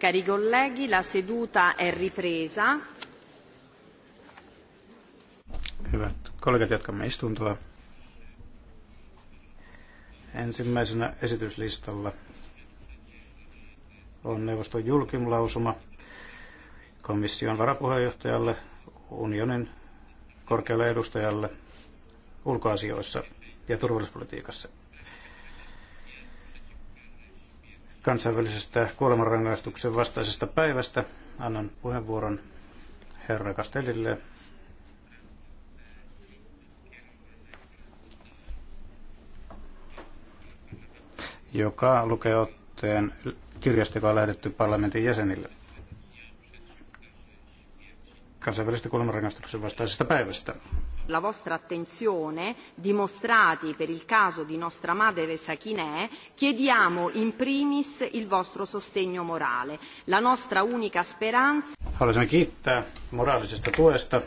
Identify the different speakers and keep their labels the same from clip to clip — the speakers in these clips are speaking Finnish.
Speaker 1: Cari colleghi, la seduta è ripresa.
Speaker 2: Hyvät kollegat, jatkamme istuntoa. Ensimmäisenä esityslistalla on neuvoston julkimlausuma komission varapuheenjohtajalle, unionin korkealle edustajalle ulkoasioissa ja turvallisuuspolitiikassa. kansainvälisestä kuolemanrangaistuksen vastaisesta päivästä. Annan puheenvuoron herra kastelille, joka lukee otteen kirjasta, joka on lähdetty parlamentin jäsenille kansainvälistä kuolemanrangaistuksen vastaisesta päivästä
Speaker 1: la vostra attenzione dimostrati per il caso di nostra madre Sakineh, chiediamo in primis il vostro sostegno morale. La nostra unica speranza...
Speaker 2: Haluaisimme kiittää moraalisesta tuesta.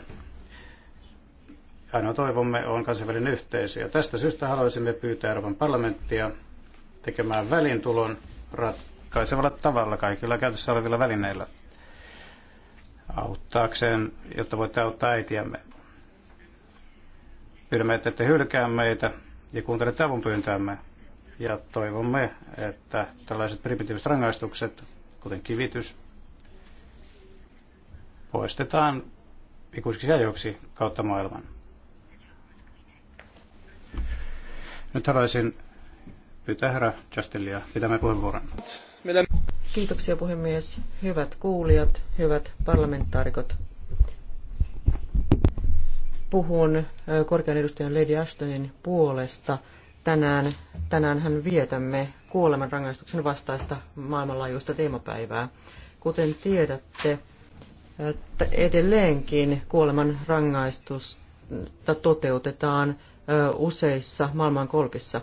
Speaker 2: Ainoa toivomme on kansainvälinen yhteisö ja tästä syystä haluaisimme pyytää Euroopan parlamenttia tekemään välintulon ratkaisevalla tavalla kaikilla käytössä olevilla välineillä auttaakseen, jotta voitte auttaa äitiämme. Pyydämme, että te hylkää meitä ja kuuntelette pyyntäämme Ja toivomme, että tällaiset primitiiviset rangaistukset, kuten kivitys, poistetaan ikuisiksi ajoiksi kautta maailman. Nyt haluaisin pyytää herra Justilia pitämään puheenvuoron.
Speaker 3: Kiitoksia puhemies. Hyvät kuulijat, hyvät parlamentaarikot puhun korkean edustajan Lady Ashtonin puolesta. Tänään, tänään hän vietämme kuolemanrangaistuksen vastaista maailmanlaajuista teemapäivää. Kuten tiedätte, edelleenkin kuolemanrangaistusta toteutetaan useissa maailmankolkissa.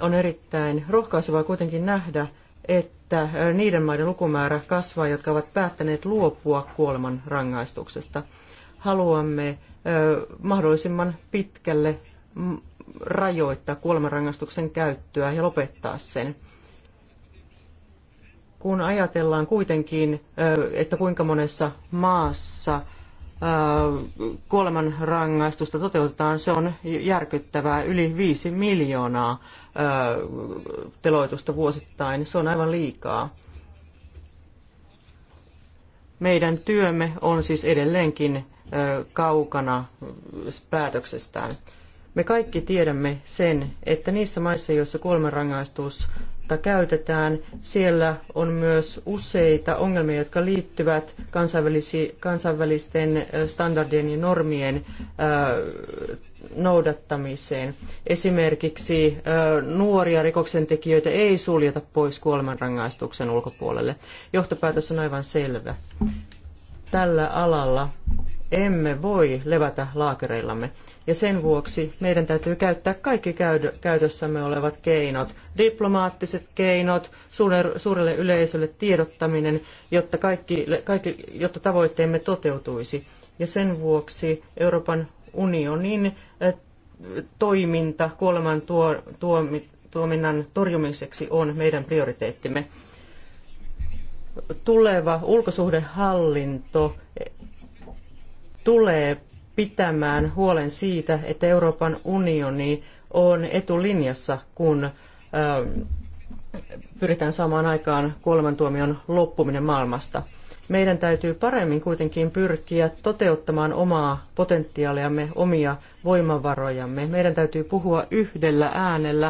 Speaker 3: On erittäin rohkaisevaa kuitenkin nähdä, että niiden maiden lukumäärä kasvaa, jotka ovat päättäneet luopua kuoleman rangaistuksesta haluamme mahdollisimman pitkälle rajoittaa kuolemanrangaistuksen käyttöä ja lopettaa sen. Kun ajatellaan kuitenkin, että kuinka monessa maassa kuolemanrangaistusta toteutetaan, se on järkyttävää yli viisi miljoonaa teloitusta vuosittain. Se on aivan liikaa. Meidän työmme on siis edelleenkin kaukana päätöksestään. Me kaikki tiedämme sen, että niissä maissa, joissa kuolemanrangaistusta käytetään, siellä on myös useita ongelmia, jotka liittyvät kansainvälisten standardien ja normien noudattamiseen. Esimerkiksi nuoria rikoksentekijöitä ei suljeta pois kuolemanrangaistuksen ulkopuolelle. Johtopäätös on aivan selvä. Tällä alalla emme voi levätä laakereillamme, ja sen vuoksi meidän täytyy käyttää kaikki käytössämme olevat keinot, diplomaattiset keinot, suurelle yleisölle tiedottaminen, jotta, kaikki, kaikki, jotta tavoitteemme toteutuisi. Ja sen vuoksi Euroopan unionin toiminta kuoleman tuominnan torjumiseksi on meidän prioriteettimme. Tuleva ulkosuhdehallinto tulee pitämään huolen siitä, että Euroopan unioni on etulinjassa, kun pyritään saamaan aikaan kuolemantuomion loppuminen maailmasta – meidän täytyy paremmin kuitenkin pyrkiä toteuttamaan omaa potentiaaliamme, omia voimavarojamme. Meidän täytyy puhua yhdellä äänellä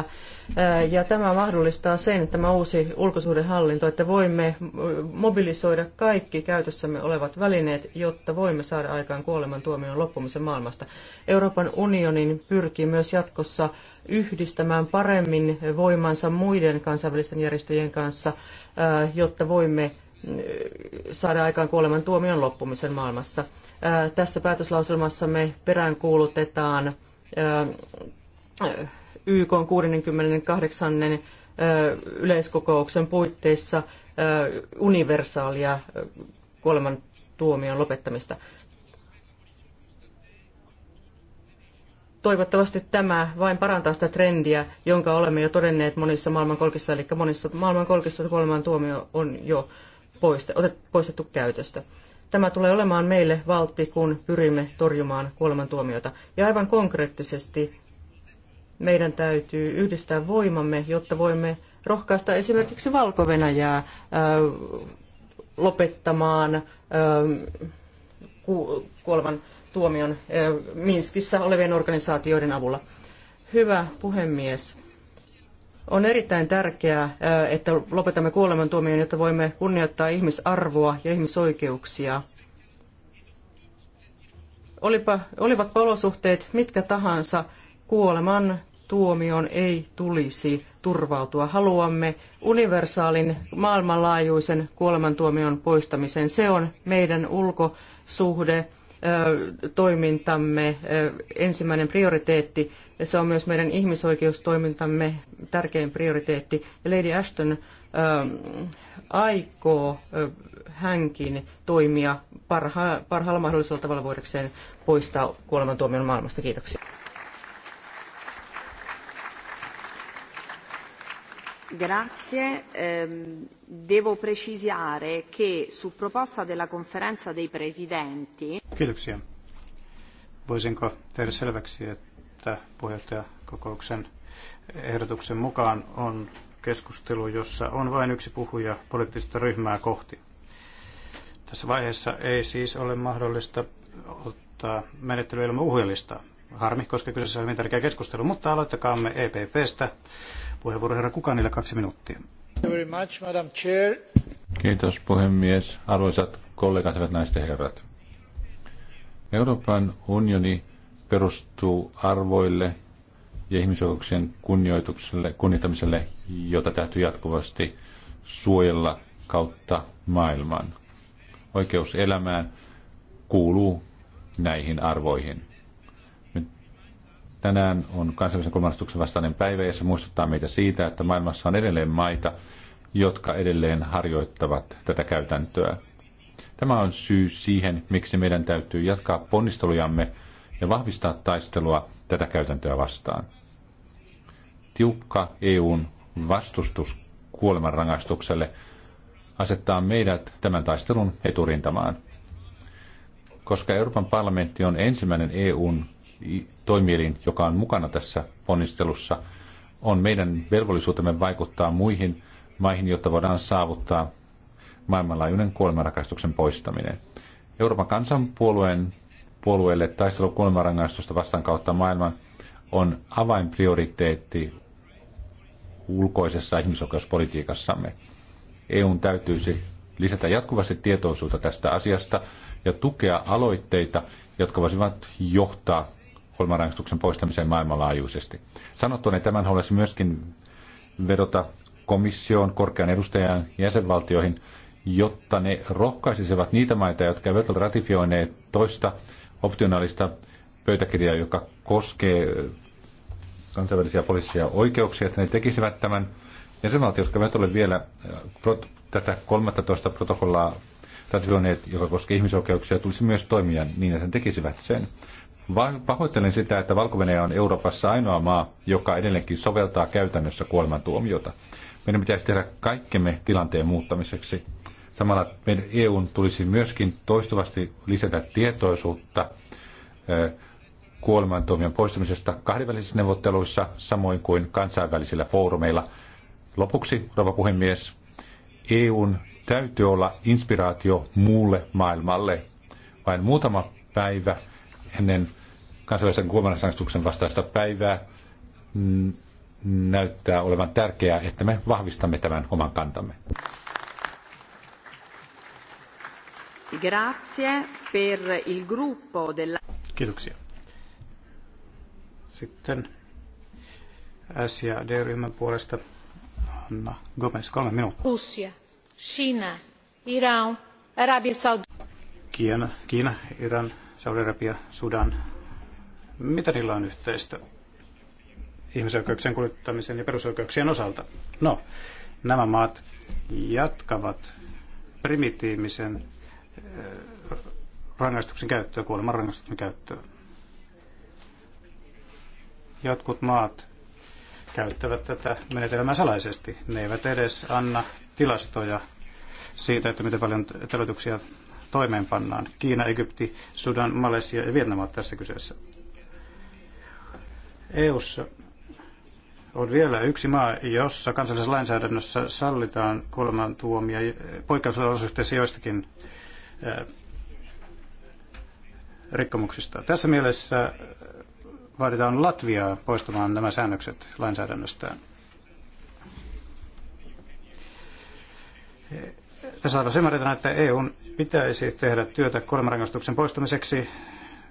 Speaker 3: äh, ja tämä mahdollistaa sen, että tämä uusi ulkosuhdehallinto, että voimme äh, mobilisoida kaikki käytössämme olevat välineet, jotta voimme saada aikaan kuolemantuomion loppumisen maailmasta. Euroopan unionin pyrkii myös jatkossa yhdistämään paremmin voimansa muiden kansainvälisten järjestöjen kanssa, äh, jotta voimme saada aikaan kuolemantuomion loppumisen maailmassa. Tässä päätöslauselmassa me peräänkuulutetaan YK 68 yleiskokouksen puitteissa universaalia kuolemantuomion lopettamista. Toivottavasti tämä vain parantaa sitä trendiä, jonka olemme jo todenneet monissa maailmankolkissa, eli monissa maailmankolkissa kuolemantuomio on jo poistettu käytöstä. Tämä tulee olemaan meille valtti, kun pyrimme torjumaan kuolemantuomiota. Ja aivan konkreettisesti meidän täytyy yhdistää voimamme, jotta voimme rohkaista esimerkiksi Valko-Venäjää lopettamaan kuoleman tuomion Minskissä olevien organisaatioiden avulla. Hyvä puhemies. On erittäin tärkeää, että lopetamme kuolemantuomion, jotta voimme kunnioittaa ihmisarvoa ja ihmisoikeuksia. Olipa, olivatpa olosuhteet mitkä tahansa, kuoleman tuomion ei tulisi turvautua. Haluamme universaalin maailmanlaajuisen kuolemantuomion poistamisen. Se on meidän ulkosuhde toimintamme ensimmäinen prioriteetti ja se on myös meidän ihmisoikeustoimintamme tärkein prioriteetti. Ja Lady Ashton ähm, aikoo ö, äh, hänkin toimia parha, parhaalla mahdollisella tavalla voidakseen poistaa kuolemantuomion maailmasta. Kiitoksia.
Speaker 1: Grazie. Ehm, devo precisare che su proposta della conferenza dei presidenti.
Speaker 2: Kiitoksia. Voisinko tehdä selväksi, että että puheenjohtajakokouksen ehdotuksen mukaan on keskustelu, jossa on vain yksi puhuja poliittista ryhmää kohti. Tässä vaiheessa ei siis ole mahdollista ottaa menettelyä ilman uhjelista. Harmi, koska kyseessä on hyvin tärkeä keskustelu, mutta aloittakaamme EPPstä. Puheenvuoro herra Kukanilla kaksi minuuttia.
Speaker 4: Kiitos puhemies. Arvoisat kollegat, hyvät naiset ja herrat. Euroopan unioni perustuu arvoille ja ihmisoikeuksien kunnioitukselle, kunnioittamiselle, jota täytyy jatkuvasti suojella kautta maailman. Oikeus elämään kuuluu näihin arvoihin. Nyt tänään on kansallisen kolmannistuksen vastainen päivä, ja se muistuttaa meitä siitä, että maailmassa on edelleen maita, jotka edelleen harjoittavat tätä käytäntöä. Tämä on syy siihen, miksi meidän täytyy jatkaa ponnistelujamme ja vahvistaa taistelua tätä käytäntöä vastaan. Tiukka EUn vastustus kuolemanrangaistukselle asettaa meidät tämän taistelun eturintamaan. Koska Euroopan parlamentti on ensimmäinen EUn toimielin, joka on mukana tässä ponnistelussa, on meidän velvollisuutemme vaikuttaa muihin maihin, jotta voidaan saavuttaa maailmanlaajuinen kuolemanrakastuksen poistaminen. Euroopan kansanpuolueen puolueelle taistelu kuolemanrangaistusta vastaan kautta maailman on avainprioriteetti ulkoisessa ihmisoikeuspolitiikassamme. EUn täytyisi lisätä jatkuvasti tietoisuutta tästä asiasta ja tukea aloitteita, jotka voisivat johtaa kuolemanrangaistuksen poistamiseen maailmanlaajuisesti. Sanottuani tämän haluaisin myöskin vedota komissioon, korkean edustajan jäsenvaltioihin, jotta ne rohkaisisivat niitä maita, jotka eivät ole ratifioineet toista optionaalista pöytäkirjaa, joka koskee kansainvälisiä poliisia oikeuksia, että ne tekisivät tämän. Jäsenvaltiot, jotka eivät ole vielä äh, tätä 13 protokollaa ratifioineet, joka koskee ihmisoikeuksia, tulisi myös toimia niin, että ne tekisivät sen. Pahoittelen sitä, että valko on Euroopassa ainoa maa, joka edelleenkin soveltaa käytännössä kuolemantuomiota. Meidän pitäisi tehdä kaikkemme tilanteen muuttamiseksi. Samalla meidän EUn tulisi myöskin toistuvasti lisätä tietoisuutta kuolemantuomion poistamisesta kahdenvälisissä neuvotteluissa, samoin kuin kansainvälisillä foorumeilla. Lopuksi, rouva puhemies, EUn täytyy olla inspiraatio muulle maailmalle. Vain muutama päivä ennen kansainvälisen kuolemanrangaistuksen vastaista päivää näyttää olevan tärkeää, että me vahvistamme tämän oman kantamme.
Speaker 1: Grazie per il gruppo
Speaker 2: Kiitoksia. Sitten S- ryhmän puolesta Anna Gomez, kolme minuuttia.
Speaker 1: Russia, China,
Speaker 3: Iran, Arabia Saudi.
Speaker 2: Kiina, Kiina Iran, Saudi-Arabia, Sudan. Mitä niillä on yhteistä ihmisoikeuksien kuljettamisen ja perusoikeuksien osalta? No, nämä maat jatkavat primitiivisen rangaistuksen käyttöä, kuolemanrangaistuksen rangaistuksen käyttöä. Jotkut maat käyttävät tätä menetelmää salaisesti. Ne eivät edes anna tilastoja siitä, että miten paljon teloituksia toimeenpannaan. Kiina, Egypti, Sudan, Malesia ja Vietnam ovat tässä kyseessä. EU:ssa on vielä yksi maa, jossa kansallisessa lainsäädännössä sallitaan kuolemantuomia poikkeusolosuhteissa joistakin rikkomuksista. Tässä mielessä vaaditaan Latviaa poistamaan nämä säännökset lainsäädännöstään. Tässä on ymmärretään, että EUn pitäisi tehdä työtä kuolemanrangaistuksen poistamiseksi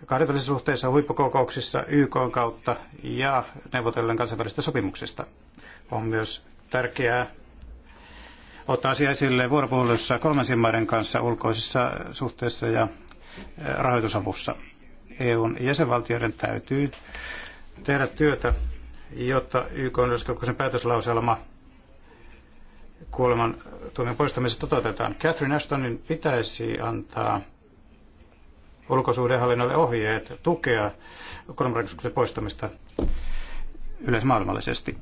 Speaker 2: kahdenvälisissä suhteissa, huippukokouksissa, YK kautta ja neuvotellen kansainvälisistä sopimuksista. On myös tärkeää ottaa asia esille vuoropuhelussa kolmansien maiden kanssa ulkoisissa suhteissa ja eh, rahoitusavussa. EUn jäsenvaltioiden täytyy tehdä työtä, jotta YK yleiskokouksen päätöslauselma kuoleman tuomion poistamisesta toteutetaan. Catherine Ashtonin pitäisi antaa ulkosuhdehallinnolle ohjeet tukea kolmansien poistamista yleismaailmallisesti.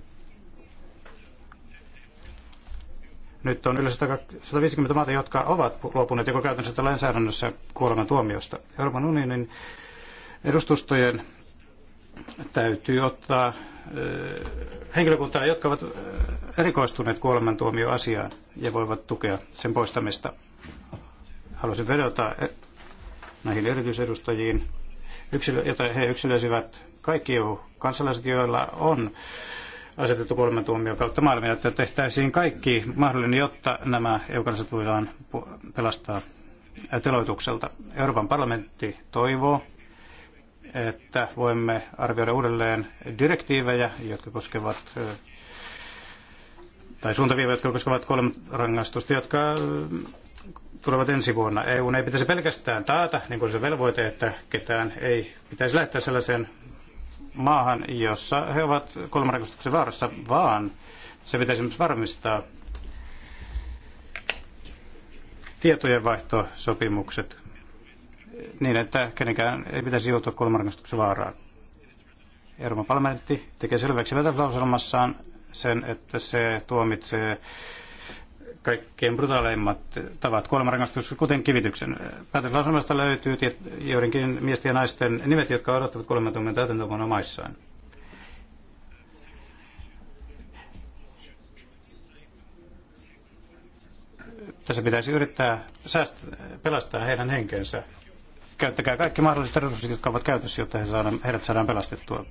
Speaker 2: Nyt on yli 150 maata, jotka ovat luopuneet joko käytännössä lainsäädännössä kuoleman tuomiosta. Euroopan unionin edustustojen täytyy ottaa henkilökuntaa, jotka ovat erikoistuneet kuolemantuomioasiaan ja voivat tukea sen poistamista. Haluaisin vedota e, näihin erityisedustajiin, yksilö, jota he yksilöisivät kaikki EU-kansalaiset, joilla on asetettu kuolemantuomion kautta maailmia, että tehtäisiin kaikki mahdollinen, jotta nämä eukanaiset voidaan pelastaa äh, teloitukselta. Euroopan parlamentti toivoo, että voimme arvioida uudelleen direktiivejä, jotka koskevat äh, tai suuntaviivoja, jotka koskevat kuolemanrangaistusta, jotka äh, tulevat ensi vuonna. EU ei pitäisi pelkästään taata, niin kuin se velvoite, että ketään ei pitäisi lähteä sellaiseen maahan, jossa he ovat kuolemanrangaistuksen vaarassa, vaan se pitäisi myös varmistaa tietojenvaihtosopimukset niin, että kenenkään ei pitäisi joutua kuolemanrangaistuksen vaaraan. Euroopan parlamentti tekee selväksi vetävät sen, että se tuomitsee kaikkein brutaaleimmat tavat kuolemanrangaistus, kuten kivityksen. Päätöslausumasta löytyy joidenkin miesten ja naisten nimet, jotka odottavat kuolemantuomion täytäntöön maissaan. Tässä pitäisi yrittää säästä, pelastaa heidän henkensä käyttäkää kaikki mahdolliset resurssit, jotka ovat käytössä, jotta he saadaan, heidät saadaan pelastettua.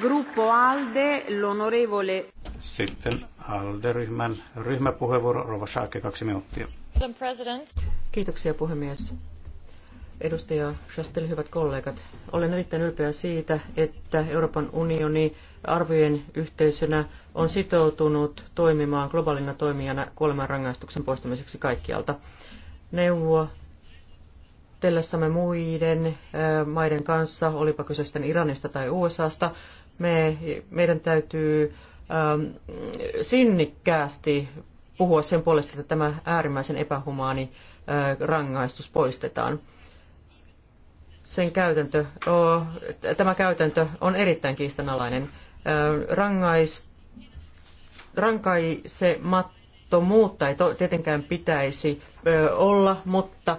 Speaker 1: Gruppo Alde, l'onorevole.
Speaker 2: Sitten Alde-ryhmän ryhmäpuheenvuoro, Rova Schaake, kaksi minuuttia.
Speaker 3: Kiitoksia puhemies. Edustaja Schastel, hyvät kollegat. Olen erittäin ylpeä siitä, että Euroopan unioni arvojen yhteisönä on sitoutunut toimimaan globaalina toimijana kuolemanrangaistuksen poistamiseksi kaikkialta. Neuvoa neuvotellessamme muiden maiden kanssa, olipa kyse sitten Iranista tai USAsta, me, meidän täytyy sinnikkäästi puhua sen puolesta, että tämä äärimmäisen epähumaani rangaistus poistetaan. Sen käytäntö, tämä käytäntö on erittäin kiistanalainen. Rangais, rankaisemattomuutta ei tietenkään pitäisi olla, mutta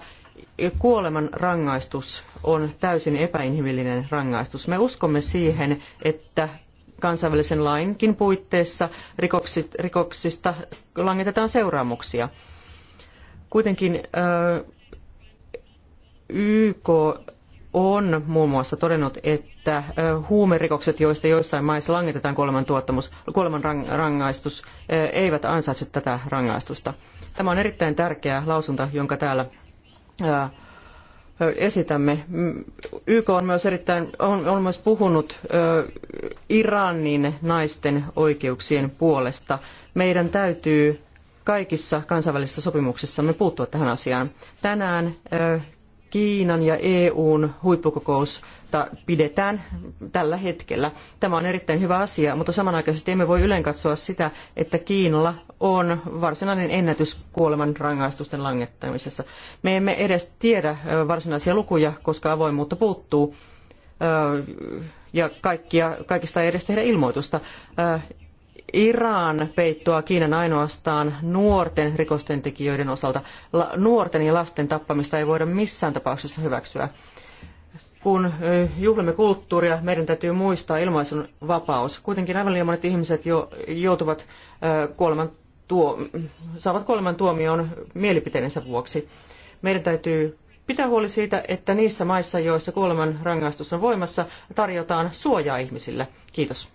Speaker 3: kuoleman rangaistus on täysin epäinhimillinen rangaistus. Me uskomme siihen, että kansainvälisen lainkin puitteissa rikoksista langetetaan seuraamuksia. Kuitenkin YK on muun muassa todennut, että huumerikokset, joista joissain maissa langetetaan kuolemanrangaistus, eivät ansaitse tätä rangaistusta. Tämä on erittäin tärkeä lausunto, jonka täällä esitämme. Mm, YK on myös, erittäin, on, on myös puhunut Iranin naisten oikeuksien puolesta. Meidän täytyy kaikissa kansainvälisissä sopimuksissamme puuttua tähän asiaan. Tänään Kiinan ja EUn huippukokous tavoitetta pidetään tällä hetkellä. Tämä on erittäin hyvä asia, mutta samanaikaisesti emme voi ylen katsoa sitä, että Kiinalla on varsinainen ennätys kuoleman rangaistusten langettamisessa. Me emme edes tiedä varsinaisia lukuja, koska avoimuutta puuttuu ja kaikkia, kaikista ei edes tehdä ilmoitusta. Iran peittoa Kiinan ainoastaan nuorten rikostentekijöiden osalta. nuorten ja lasten tappamista ei voida missään tapauksessa hyväksyä kun juhlimme kulttuuria, meidän täytyy muistaa ilmaisun vapaus. Kuitenkin aivan liian monet ihmiset jo, joutuvat kuoleman tuo, saavat kuolemantuomioon mielipiteidensä vuoksi. Meidän täytyy pitää huoli siitä, että niissä maissa, joissa kuoleman rangaistus on voimassa, tarjotaan suojaa ihmisille. Kiitos.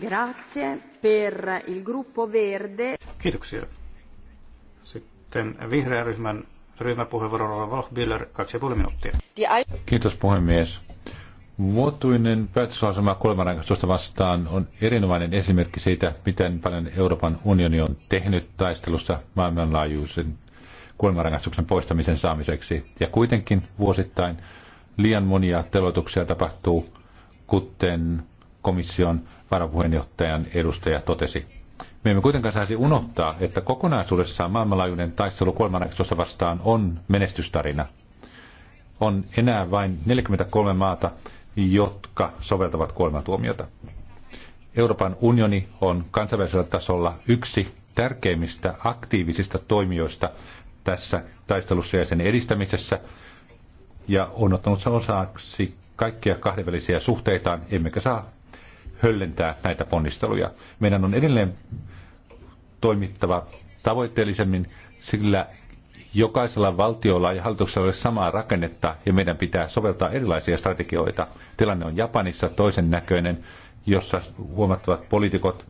Speaker 1: Grazie per il gruppo Verde.
Speaker 2: Kiitoksia. Sitten vihreän ryhmän ryhmäpuheenvuoro Wolfbiller, kaksi ja puoli minuuttia.
Speaker 4: Kiitos puhemies. Vuotuinen päätösasema 13 vastaan on erinomainen esimerkki siitä, miten paljon Euroopan unioni on tehnyt taistelussa maailmanlaajuisen kuolemanrangaistuksen poistamisen saamiseksi. Ja kuitenkin vuosittain liian monia teloituksia tapahtuu, kuten komission varapuheenjohtajan edustaja totesi. Me emme kuitenkaan saisi unohtaa, että kokonaisuudessaan maailmanlaajuinen taistelu kolmanneksosta vastaan on menestystarina. On enää vain 43 maata, jotka soveltavat kuolematuomiota. Euroopan unioni on kansainvälisellä tasolla yksi tärkeimmistä aktiivisista toimijoista tässä taistelussa ja sen edistämisessä, ja on ottanut osaksi kaikkia kahdenvälisiä suhteitaan, emmekä saa höllentää näitä ponnisteluja. Meidän on edelleen toimittava tavoitteellisemmin, sillä jokaisella valtiolla ja hallituksella ole samaa rakennetta ja meidän pitää soveltaa erilaisia strategioita. Tilanne on Japanissa toisen näköinen, jossa huomattavat poliitikot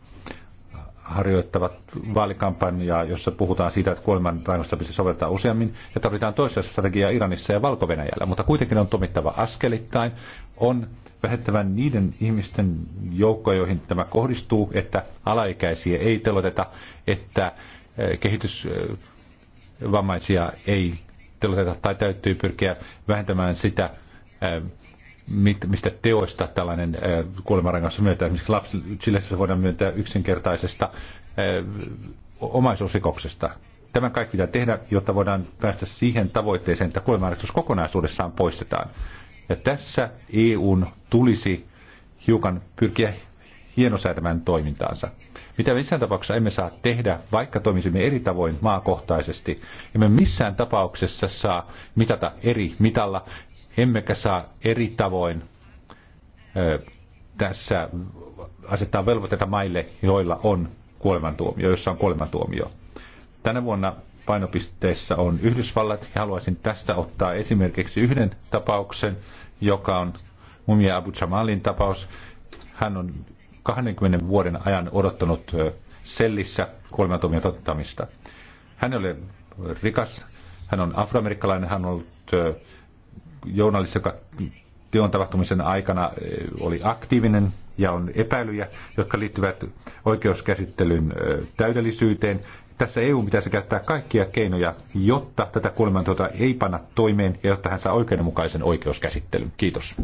Speaker 4: harjoittavat vaalikampanjaa, jossa puhutaan siitä, että kuolemanrangaistusta pitäisi soveltaa useammin, ja tarvitaan toisessa strategiaa Iranissa ja valko -Venäjällä. Mutta kuitenkin on tomittava askelittain, on vähettävän niiden ihmisten joukkoja, joihin tämä kohdistuu, että alaikäisiä ei teloteta, että eh, kehitysvammaisia ei teloteta tai täytyy pyrkiä vähentämään sitä eh, mistä teoista tällainen kuolemanrangaistus myöntää. Esimerkiksi lapsi, sillä se voidaan myöntää yksinkertaisesta omaisuusrikoksesta. Tämä kaikki pitää tehdä, jotta voidaan päästä siihen tavoitteeseen, että kuolemanrangaistus kokonaisuudessaan poistetaan. Ja tässä EUn tulisi hiukan pyrkiä hienosäätämään toimintaansa. Mitä me missään tapauksessa emme saa tehdä, vaikka toimisimme eri tavoin maakohtaisesti. Emme missään tapauksessa saa mitata eri mitalla Emmekä saa eri tavoin tässä asettaa velvoitteita maille, joilla on kuolemantuomio, jossa on kuolemantuomio. Tänä vuonna painopisteessä on Yhdysvallat ja haluaisin tästä ottaa esimerkiksi yhden tapauksen, joka on Mumia Abu Jamalin tapaus. Hän on 20 vuoden ajan odottanut sellissä kuolemantuomion toteuttamista. Hän oli rikas, hän on afroamerikkalainen, hän on ollut journalisti, joka teon tapahtumisen aikana eh, oli aktiivinen ja on epäilyjä, jotka liittyvät oikeuskäsittelyn eh, täydellisyyteen. Tässä EU pitäisi käyttää kaikkia keinoja, jotta tätä kuolemantuota ei panna toimeen ja jotta hän saa oikeudenmukaisen oikeuskäsittelyn. Kiitos.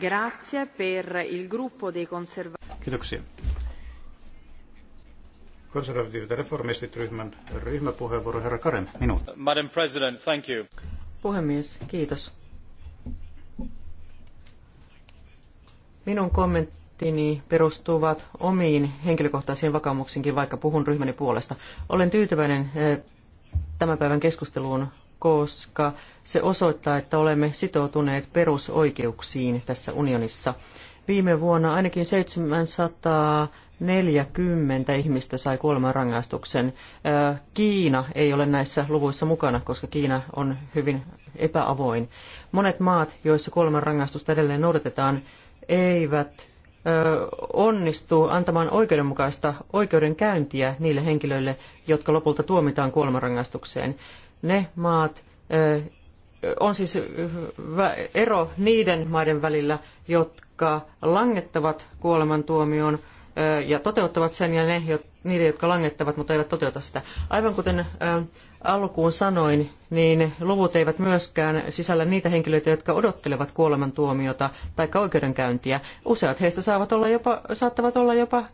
Speaker 1: Grazie per il gruppo dei conserva-
Speaker 2: Kiitoksia konservatiivit ja reformistit ryhmän ryhmäpuheenvuoro. Herra Karem, minuutti. Madam President, thank you.
Speaker 3: Puhemies, kiitos. Minun kommenttini perustuvat omiin henkilökohtaisiin vakaumuksiinkin, vaikka puhun ryhmäni puolesta. Olen tyytyväinen eh, tämän päivän keskusteluun, koska se osoittaa, että olemme sitoutuneet perusoikeuksiin tässä unionissa. Viime vuonna ainakin 700 40 ihmistä sai kuolemanrangaistuksen. Kiina ei ole näissä luvuissa mukana, koska Kiina on hyvin epäavoin. Monet maat, joissa kuolemanrangaistusta edelleen noudatetaan, eivät onnistu antamaan oikeudenmukaista oikeudenkäyntiä niille henkilöille, jotka lopulta tuomitaan kuolemanrangaistukseen. Ne maat, on siis ero niiden maiden välillä, jotka langettavat kuolemantuomion ja toteuttavat sen, ja ne, niiden, jotka langettavat, mutta eivät toteuta sitä. Aivan kuten alkuun sanoin, niin luvut eivät myöskään sisällä niitä henkilöitä, jotka odottelevat kuolemantuomiota tai oikeudenkäyntiä. Useat heistä saavat olla jopa, saattavat olla jopa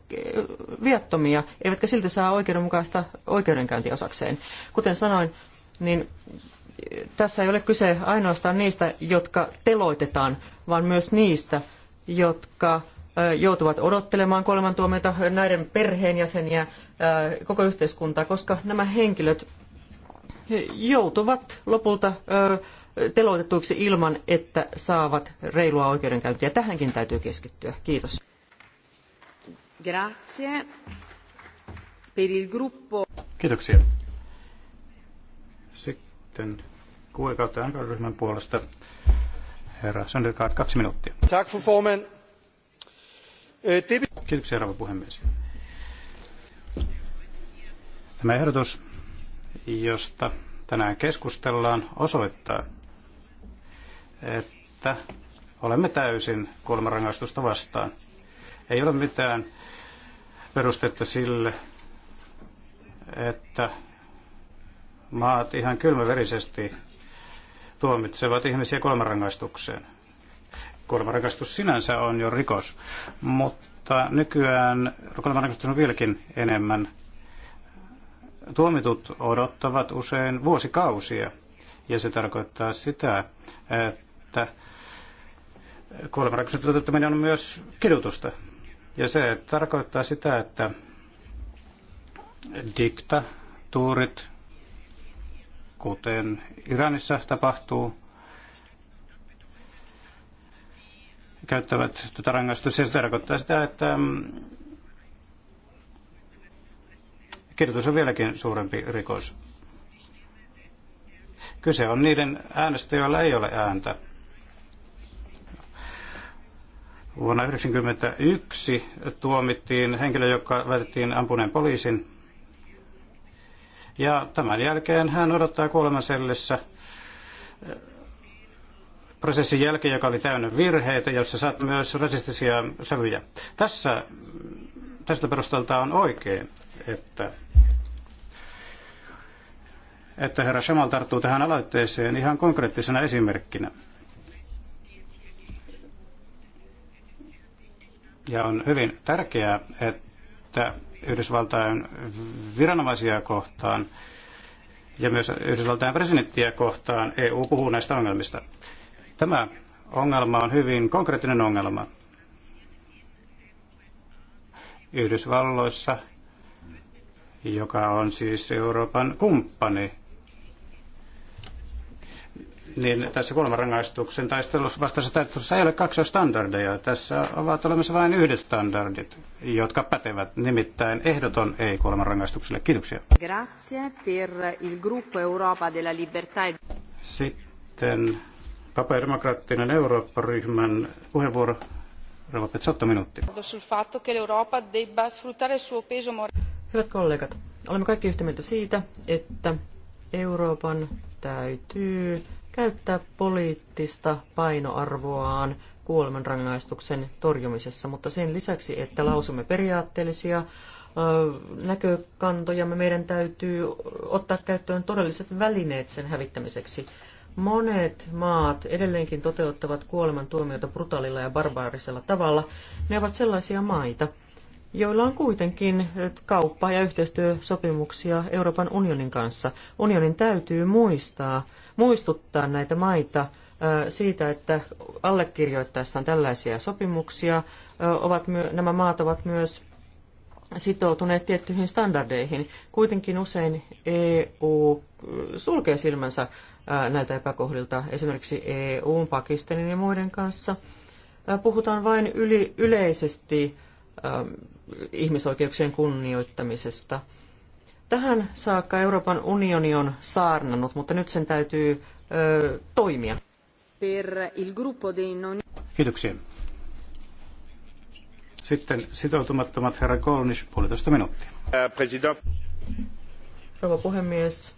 Speaker 3: viattomia, eivätkä silti saa oikeudenmukaista oikeudenkäyntiä osakseen. Kuten sanoin, niin tässä ei ole kyse ainoastaan niistä, jotka teloitetaan, vaan myös niistä, jotka joutuvat odottelemaan kuolemantuomiota, näiden perheenjäseniä, koko yhteiskuntaa, koska nämä henkilöt joutuvat lopulta teloitetuiksi ilman, että saavat reilua oikeudenkäyntiä. Tähänkin täytyy keskittyä. Kiitos.
Speaker 1: Grazie. Per il gruppo...
Speaker 2: Kiitoksia. Sitten QE kautta ryhmän puolesta herra Söndergaard, kaksi minuuttia. Tack för formen. Kiitoksia, rouva puhemies. Tämä ehdotus, josta tänään keskustellaan, osoittaa, että olemme täysin kuolemanrangaistusta vastaan. Ei ole mitään perustetta sille, että maat ihan kylmäverisesti tuomitsevat ihmisiä kuolemanrangaistukseen. Kuolemanrakastus sinänsä on jo rikos, mutta nykyään kuolemanrakastus on vieläkin enemmän. Tuomitut odottavat usein vuosikausia, ja se tarkoittaa sitä, että kuolemanrakastuksen toteuttaminen on myös kidutusta. Ja se tarkoittaa sitä, että diktatuurit, kuten Iranissa tapahtuu, käyttävät tuota rangaistusta. Se tarkoittaa sitä, että mm, kirjoitus on vieläkin suurempi rikos. Kyse on niiden äänestä, joilla ei ole ääntä. Vuonna 1991 tuomittiin henkilö, joka väitettiin ampuneen poliisin. Ja tämän jälkeen hän odottaa kuolemansellissä prosessin jälkeen, joka oli täynnä virheitä, jossa saat myös rasistisia sävyjä. Tässä, tästä perustalta on oikein, että, että herra Shamal tarttuu tähän aloitteeseen ihan konkreettisena esimerkkinä. Ja on hyvin tärkeää, että Yhdysvaltain viranomaisia kohtaan ja myös Yhdysvaltain presidenttiä kohtaan EU puhuu näistä ongelmista. Tämä ongelma on hyvin konkreettinen ongelma. Yhdysvalloissa, joka on siis Euroopan kumppani, niin tässä kuolemanrangaistuksen taistelussa vastaisessa taistelussa ei ole standardeja. Tässä ovat olemassa vain yhdet standardit, jotka pätevät, nimittäin ehdoton ei kuolemanrangaistukselle. Kiitoksia.
Speaker 1: Grazie per il gruppo Europa della Libertà. E
Speaker 2: Sitten Vapaa-demokraattinen Eurooppa-ryhmän puheenvuoro.
Speaker 3: Hyvät kollegat, olemme kaikki yhtä mieltä siitä, että Euroopan täytyy käyttää poliittista painoarvoaan kuolemanrangaistuksen torjumisessa, mutta sen lisäksi, että lausumme periaatteellisia näkökantoja, meidän täytyy ottaa käyttöön todelliset välineet sen hävittämiseksi. Monet maat edelleenkin toteuttavat kuolemantuomiota brutaalilla ja barbaarisella tavalla. Ne ovat sellaisia maita, joilla on kuitenkin kauppa- ja yhteistyösopimuksia Euroopan unionin kanssa. Unionin täytyy muistaa, muistuttaa näitä maita siitä, että allekirjoittaessaan tällaisia sopimuksia ovat, nämä maat ovat myös sitoutuneet tiettyihin standardeihin. Kuitenkin usein EU eh, sulkee silmänsä eh, näiltä epäkohdilta, esimerkiksi EUn, Pakistanin ja muiden kanssa. Eh, puhutaan vain yli, yleisesti ihmisoikeuksien kunnioittamisesta. Tähän saakka Euroopan unioni on saarnannut, mutta nyt sen täytyy ö, toimia. Kiitoksia.
Speaker 2: Sitten sitoutumattomat herra Kolnis, puolitoista minuuttia.
Speaker 4: President.
Speaker 3: Rouva puhemies,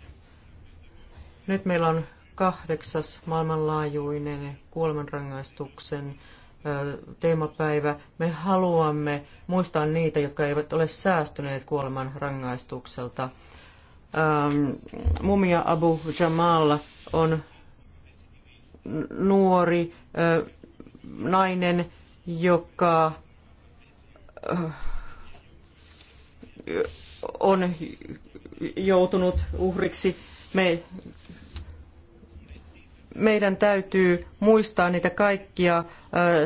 Speaker 3: nyt meillä on kahdeksas maailmanlaajuinen kuolemanrangaistuksen teemapäivä. Me haluamme muistaa niitä, jotka eivät ole säästyneet kuoleman rangaistukselta. mumia Abu Jamal on nuori nainen, joka on joutunut uhriksi. Me, meidän täytyy muistaa niitä kaikkia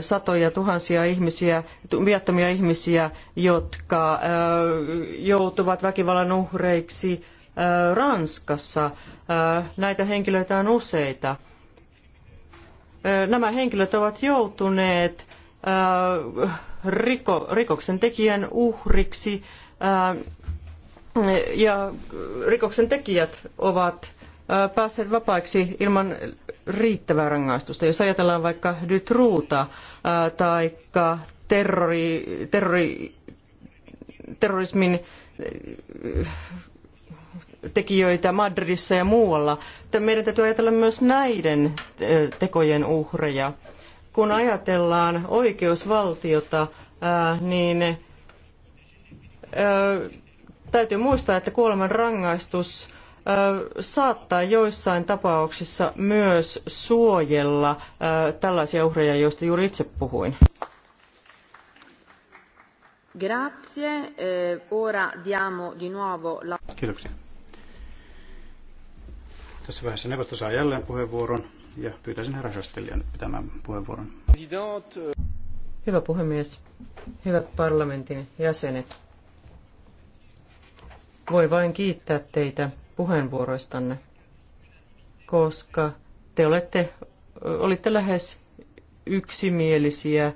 Speaker 3: satoja tuhansia ihmisiä, viattomia ihmisiä, jotka joutuvat väkivallan uhreiksi Ranskassa. Näitä henkilöitä on useita. Nämä henkilöt ovat joutuneet Äh, riko, rikoksen tekijän uhriksi äh, ja rikoksen tekijät ovat äh, päässeet vapaiksi ilman riittävää rangaistusta. Jos ajatellaan vaikka Dytruuta tai terrori, terrori, terrorismin tekijöitä Madridissa ja muualla, meidän täytyy ajatella myös näiden tekojen uhreja kun ajatellaan oikeusvaltiota, niin täytyy muistaa, että kuoleman rangaistus saattaa joissain tapauksissa myös suojella tällaisia uhreja, joista juuri itse puhuin.
Speaker 1: Grazie. Eh, ora diamo di nuovo la...
Speaker 3: Kiitoksia.
Speaker 2: Tässä vaiheessa neuvosto saa jälleen puheenvuoron ja pyytäisin herra Sjösteliä nyt pitämään puheenvuoron.
Speaker 3: Hyvä puhemies, hyvät parlamentin jäsenet. Voi vain kiittää teitä puheenvuoroistanne, koska te olette, olitte lähes yksimielisiä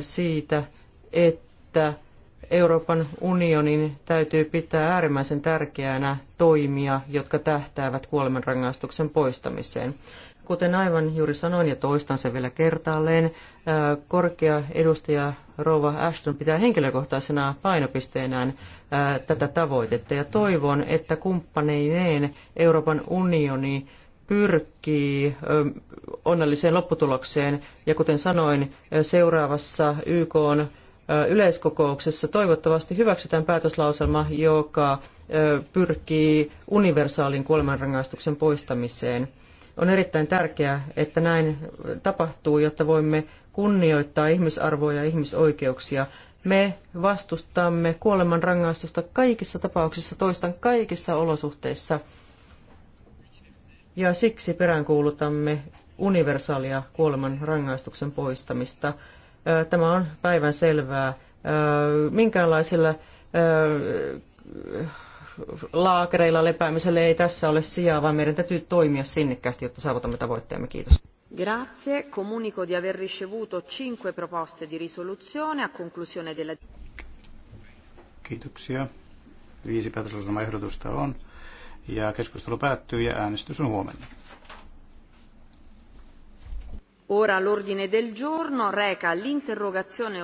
Speaker 3: siitä, että Euroopan unionin täytyy pitää äärimmäisen tärkeänä toimia, jotka tähtäävät kuolemanrangaistuksen poistamiseen. Kuten aivan juuri sanoin ja toistan sen vielä kertaalleen, korkea edustaja Rova Ashton pitää henkilökohtaisena painopisteenään tätä tavoitetta ja toivon, että kumppaneineen Euroopan unioni pyrkii onnelliseen lopputulokseen ja kuten sanoin, seuraavassa YK on yleiskokouksessa toivottavasti hyväksytään päätöslauselma, joka pyrkii universaalin kuolemanrangaistuksen poistamiseen – on erittäin tärkeää, että näin tapahtuu, jotta voimme kunnioittaa ihmisarvoa ja ihmisoikeuksia. Me vastustamme kuolemanrangaistusta kaikissa tapauksissa, toistan kaikissa olosuhteissa. Ja siksi peräänkuulutamme universaalia kuolemanrangaistuksen poistamista. Tämä on päivän selvää. Minkäänlaisella laakereilla lepäämiselle ei tässä ole sijaa, vaan meidän täytyy toimia sinnikkäästi, jotta saavutamme tavoitteemme. Kiitos.
Speaker 1: Grazie. Comunico di aver ricevuto cinque proposte di risoluzione a conclusione della...
Speaker 2: Kiitoksia. Viisi päätöslauselmaehdotusta on. Ja keskustelu päättyy ja äänestys on huomenna.
Speaker 1: Ora l'ordine del giorno reca l'interrogazione